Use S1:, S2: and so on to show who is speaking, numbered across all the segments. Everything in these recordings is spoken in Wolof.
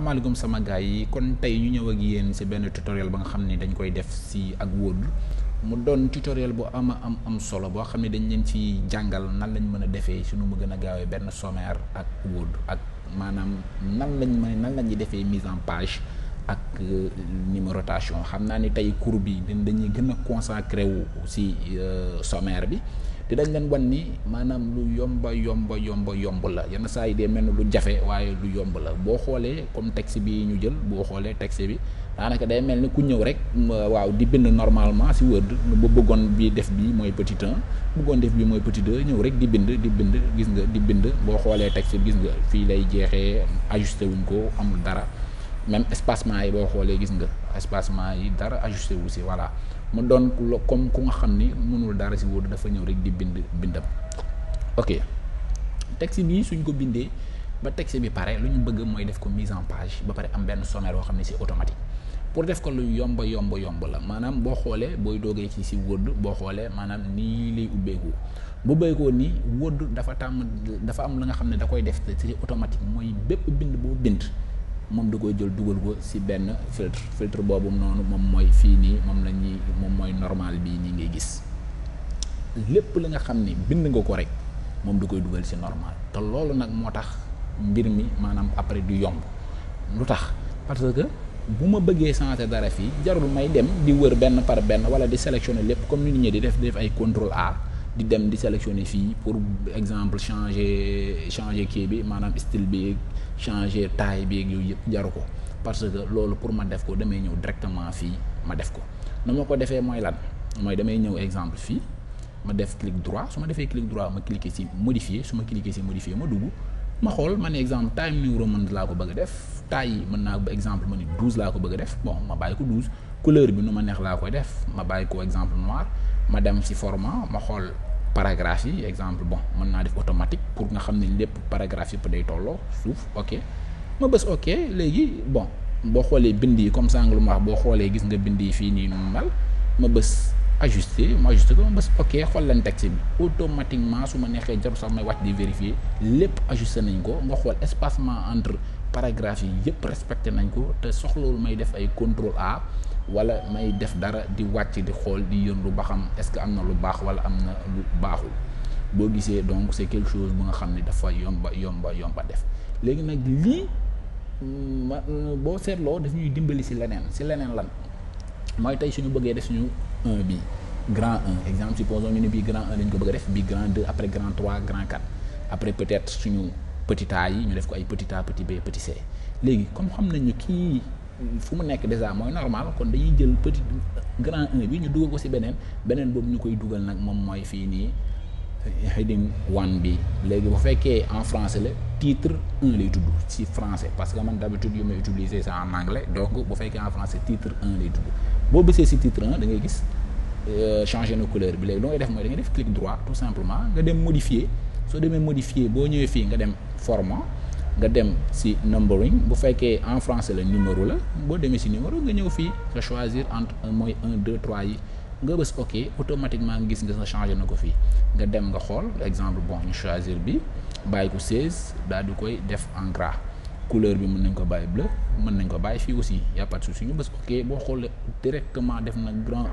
S1: amaaleykum sama gars yi kon tey ñu ñëw ak yéen ci benn tutoriel ba nga xam ne dañ koy def ci ak Word mu doon tutoriel bu ama am am solo boo xam ne dañ leen ci jàngal nan lañ mën a defee suñu mu gën a gaawee benn sommaire ak Word ak maanaam nan lañ mën nan lañuy defee mise en page ak euh, numérotation xam naa ni tey cours bi dañuy gën a consacré wu ci euh, sommaire bi dañ leen wan ni maanaam lu yomba yomba yomba yomb la yenn saa yi dee mel ni lu jafe waaye lu yomb la boo xoolee comme texte bi ñu jël boo xoolee texte bi daanaka day mel ni ku ñëw rek waaw di bind normalement si Word ba bëggoon bi def bii mooy petit un bëggoon def bi mooy petit deux ñëw rek di bind di bind gis nga di bind boo xoolee texte bi gis nga fii lay jeexee ajusté wuñ ko amul dara même espacement yi boo xoolee gis nga espacement yi dara ajusté wu si voilà mu doon ku comme ku nga xam ni mënul dara si wóor dafa ñëw rek di bind bind bindam ok texte bi suñ ko bindee ba texte bi pare lu ñu bëgg mooy def ko mise en page ba pare am benn sommaire boo xam ne si automatique pour def ko lu yomba yomb la maanaam boo xoolee booy doogee ci si Word boo xoolee maanaam nii lay ubbeekoo bu béykoo ni Word dafa tàmm dafa am la nga xam ne da koy def c'est automatique mooy bépp bind boo bind moom du koy jël dugal ko si benn filtre filtre boobu noonu moom mooy fii nii moom la ñuy moom mooy normal bii nii ngay gis lépp la nga xam ni bind nga ko rek moom du koy dugal si normal te loolu nag moo tax mbir mi maanaam après du yomb lu tax parce que bu ma bëggee changer dara fii jarul may dem di wër benn par benn wala di sélectionner lépp comme ni nit ñi di def def ay contrôle A di dem di sélectionner fii pour exemple changer changer kii bi maanaam style bi changer taille bi yooyu yëpp jaru ko parce que loolu pour ma def ko damay ñëw directement fii ma def ko nu ma ko defee mooy lan mooy damay ñëw exemple fii ma def clic droit su ma defee clic droit ma cliquer ci modifier su ma cliquer ci modifier ma dugg ma xool ma ne exemple taille numéro mën laa ko bëgg def taille yi mën naa exemple ma ni douze laa ko bëgg def bon ma bàyyi ko douze couleur bi nu ma laa koy def ma bàyyi ko exemple noir ma dem si format ma xool paragraphe yi exemple bon mën naa def automatique pour nga xam ne lépp paragraphe yëpp day tolloo suuf ok ma bës ok léegi bon boo xoolee bind yi comme sànq ma wax boo xoolee gis nga bind yi fii nii nu mel ma bës ajusté ma ajusté ko ma bës ok xool lan texte bi automatiquement su ma neexee jaru sax may wàcc di vérifier lépp ajusté nañ ko nga xool espacement entre paragraphe yi yëpp respecté nañ ko te soxlawul may def ay contrôle A wala may def dara di wàcc di xool di yëndu ba xam est-ce que am na lu baax wala am na lu baaxul boo gisee donc c'est quelque chose bu nga xam ne dafa yomba yomba yomba def léegi nag lii mm, ma mm, boo seetloo daf ñuy dimbali ci leneen ci leneen lan mooy tey suñu bëggee de suñu un bi grand un exemple supposons ñu ne bii grand un lañ ko bëgg def bii grand deux après grand trois grand quatre après peut-être suñu petit yi ñu def ko ay petit a petit b petit c léegi comme xam nañu kii fu mu nekk déjà mooy normal kon dañuy jël petit grand un bi ñu dugal ko ci beneen beneen boobu ñu koy dugal nag moom mooy fii nii heading one bi léegi bu fekkee en français la titre un lay tudd ci français parce que man d'habitude yu may utiliser ça en anglais donc bu fekkee en français titre un lay tudd boo bisee ci titre un da ngay gis euh, changer na couleur bi léegi loo ngay def mooy da ngay def clic droit tout simplement nga dem modifier soo demee modifier boo ñëwee fii nga dem format nga dem si numbering bu fekkee en français la numéro la boo demee si numéro nga ñëw fii nga choisir entre mooy un deux trois yi nga bës ok automatiquement nga gis nga sa changé na ko fii nga dem nga xool exemple bon ñu choisir bi bàyyi ko 16 daal di koy def en gras couleur bi mën nañ ko bàyyi bleu mën nañ ko bàyyi fii aussi y a pas de ok boo xoolee directement def na grand 1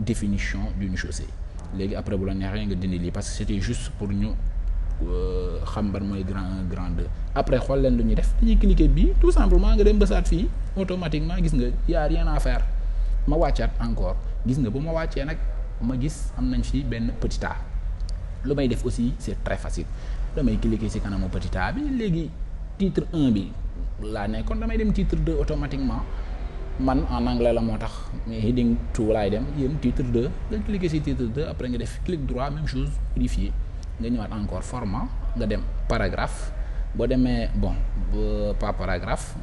S1: définition d'une chaussée léegi après bu la neexee nga dindi pour ñu Euh, xam ban mooy grand un grand deux après xool leen lu ñuy def dañuy cliquer bii tout simplement nga dem bësaat fii automatiquement gis nga y a rien à ma wàccaat encore gis nga bu ma wàccee nag ma gis am nañ fii benn petit lu may def aussi c'est très facile damay cliquer ci kanamu petit bi léegi titre un bi laa nekkoon damay dem titre deux automatiquement man en anglais la moo tax mais heading two laay dem yéen titre deux nga cliquer ci titre deux après nga def clic droit même chose nga ñëwaat encore format nga dem paragraphe boo demee bon pas paragraphe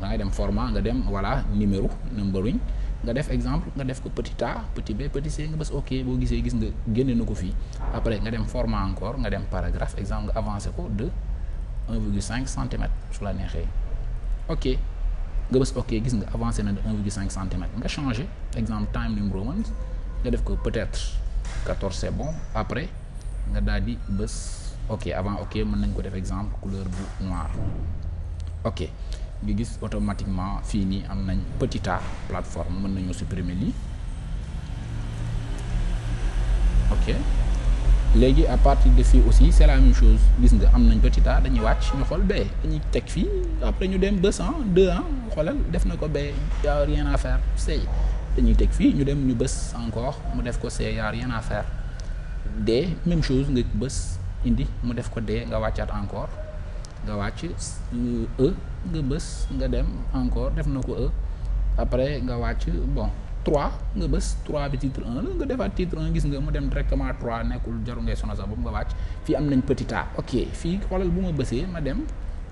S1: da ngay dem format nga dem voilà numéro numbering nga def exemple nga def ko petit a petit b petit c nga bës ok boo gisee gis nga génne na ko fii après nga dem format encore nga dem paragraphe exemple nga avancé ko de 1,5 centimètres su la neexee ok nga bës ok gis nga avancé na de 1,5 centimètres nga changé exemple time numéro man nga def ko peut-être 14 c'est bon après nga daal di bés ok avant ok mën nañ ko def exemple couleur bu noir ok nga gis automatiquement fii nii am nañ petit a plateforme mën nañu supprimer lii ok léegi à partir de fii aussi c'est la même chose gis nga am nañ petit dañuy wàcc ñu xol bee dañuy teg fii après ñu dem bës an deux an xoolal def na ko bee y'a rien à faire dañuy teg fii ñu dem ñu bës encore mu def ko c'est y'a rien à dee même chose nga bës indi mu def ko dee nga wàccaat encore nga wàcc e nga bës nga dem encore def na ko e après nga wàcc bon 3 nga bës 3 bi titre 1 nga defaat titre 1 gis nga mu dem directement 3 nekkul jaru ngay sono sa bopp nga wàcc fii am nañ petit ok fii xoolal bu ma bësee ma dem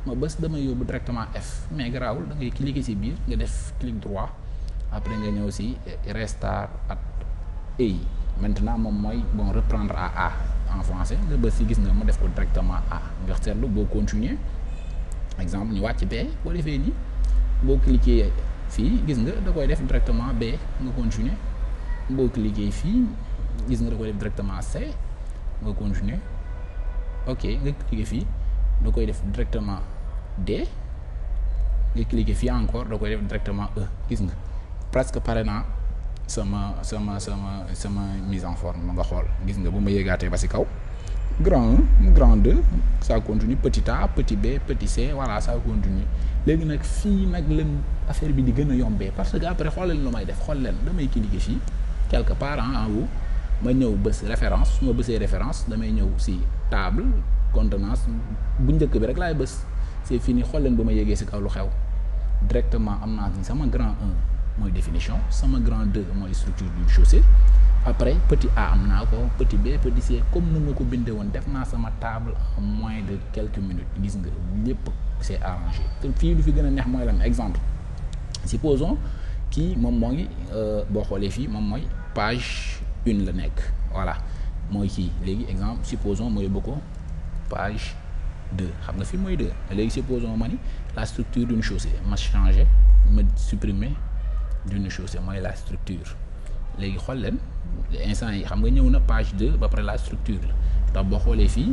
S1: ma bës dama yóbbu directement F mais garaawul da ngay cliquer ci biir nga def clic droit après nga ñëw ci restart at A maintenant moom mooy bon reprendre à A en français nga bës si gis nga mu def ko directement A nga seetlu boo continuer exemple ñu wàcc B boo defee nii boo fii gis nga da koy def directement B nga continuer boo cliquer fii gis nga da koy def directement C nga continuer ok nga cliquer fii da koy def directement D nga cliquer fii encore da koy def directement E gis nga presque pare naa sama sama sama sama mise en forme nga xool gis nga bu ma yéegaatee ba si kaw grand un grand deux ça continue petit a petit b petit c voilà ça continue léegi nag fii nag leen affaire bi di gën a yombee parce que après xool leen lu may def xool leen damay cliquer fii quelque part en haut ma ñëw bës référence su ma bësee damay ñëw si table contenance bu njëkk bi rek laay bës c'est fini xool leen ba ma yéegee si kaw xew directement am naa sama grand un mooy définition sama grand 2 mooy structure du chaussée après petit a am naa ko petit b petit c comme nu ma ko bindee woon def naa sama table en moins de quelques minutes gis nga lépp c'est arrangé te fii lu fi gën a neex mooy lan exemple supposons kii moom moo ngi euh, boo xoolee fii moom mooy page une la nekk voilà mooy kii léegi exemple supposons mooy yóbbu ko page deux xam nga fii mooy deux léegi supposons ma ni la structure d'une chaussée ma changer ma supprimer d'une chose mooy la structure léegi xool leen instant yi xam nga ñëw na page deux ba pare la structure la ndax boo xoolee fii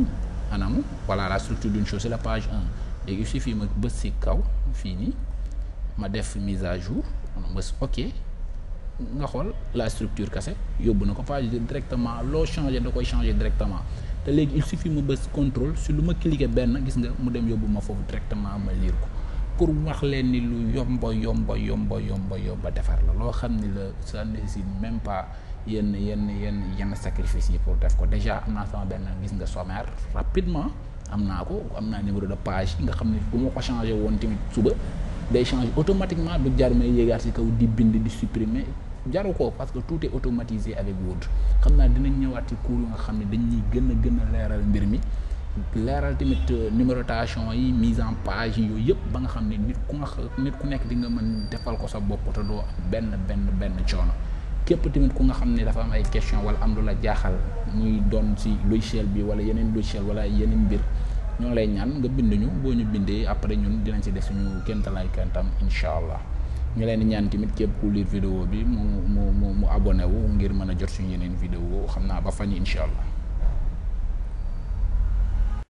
S1: anam voilà la structure d'une chose c'est la page un léegi il suffit ma bës si kaw fii nii ma def mise à jour ma bës ok nga xool la structure kase yóbbu na ko page directement loo changé da koy changé directement te léegi il suffit mu bës contrôle si lu ma cliqué benn gis nga mu dem yóbbu ma foofu directement ma liir ko pour wax leen ni lu yomba yomba yomba yomba yomba defar la loo xam ni la ça nécessite même pas yenn yenn yenn yenn sacrifice yi pour def ko déjà am naa sama benn gis nga sommaire rapidement am naa ko am naa numéro de page nga xam ne bu ma ko changé woon tamit suba day changé automatiquement du jar may yéegaat ci kaw di bind di supprimer jaru ko parce que tout est automatisé avec Word xam naa dinañ ñëwaat ci cours yu nga xam ne dañuy gën a gën a leeral mbir mi leeral tamit euh, numérotation yi mise en page yooyu yëpp ba nga xam ne nit ku nga nit ku nekk di nga mën defal ko sa bopp te doo benn benn benn coono képp tamit ku nga xam ne dafa am ay question wala am lu la jaaxal muy doon si logiciel bi wala yeneen logiciel wala yeneen mbir ñoo lay ñaan nga bind ñu boo ñu bindee après ñun dinañ ci def suñu kéemtalaay kantam incha allah ñu leen ñaan tamit képp ku lire vidéo bi mu mu mu abonné wu ngir mën a jot suñu yeneen vidéo xam naa ba fañ incha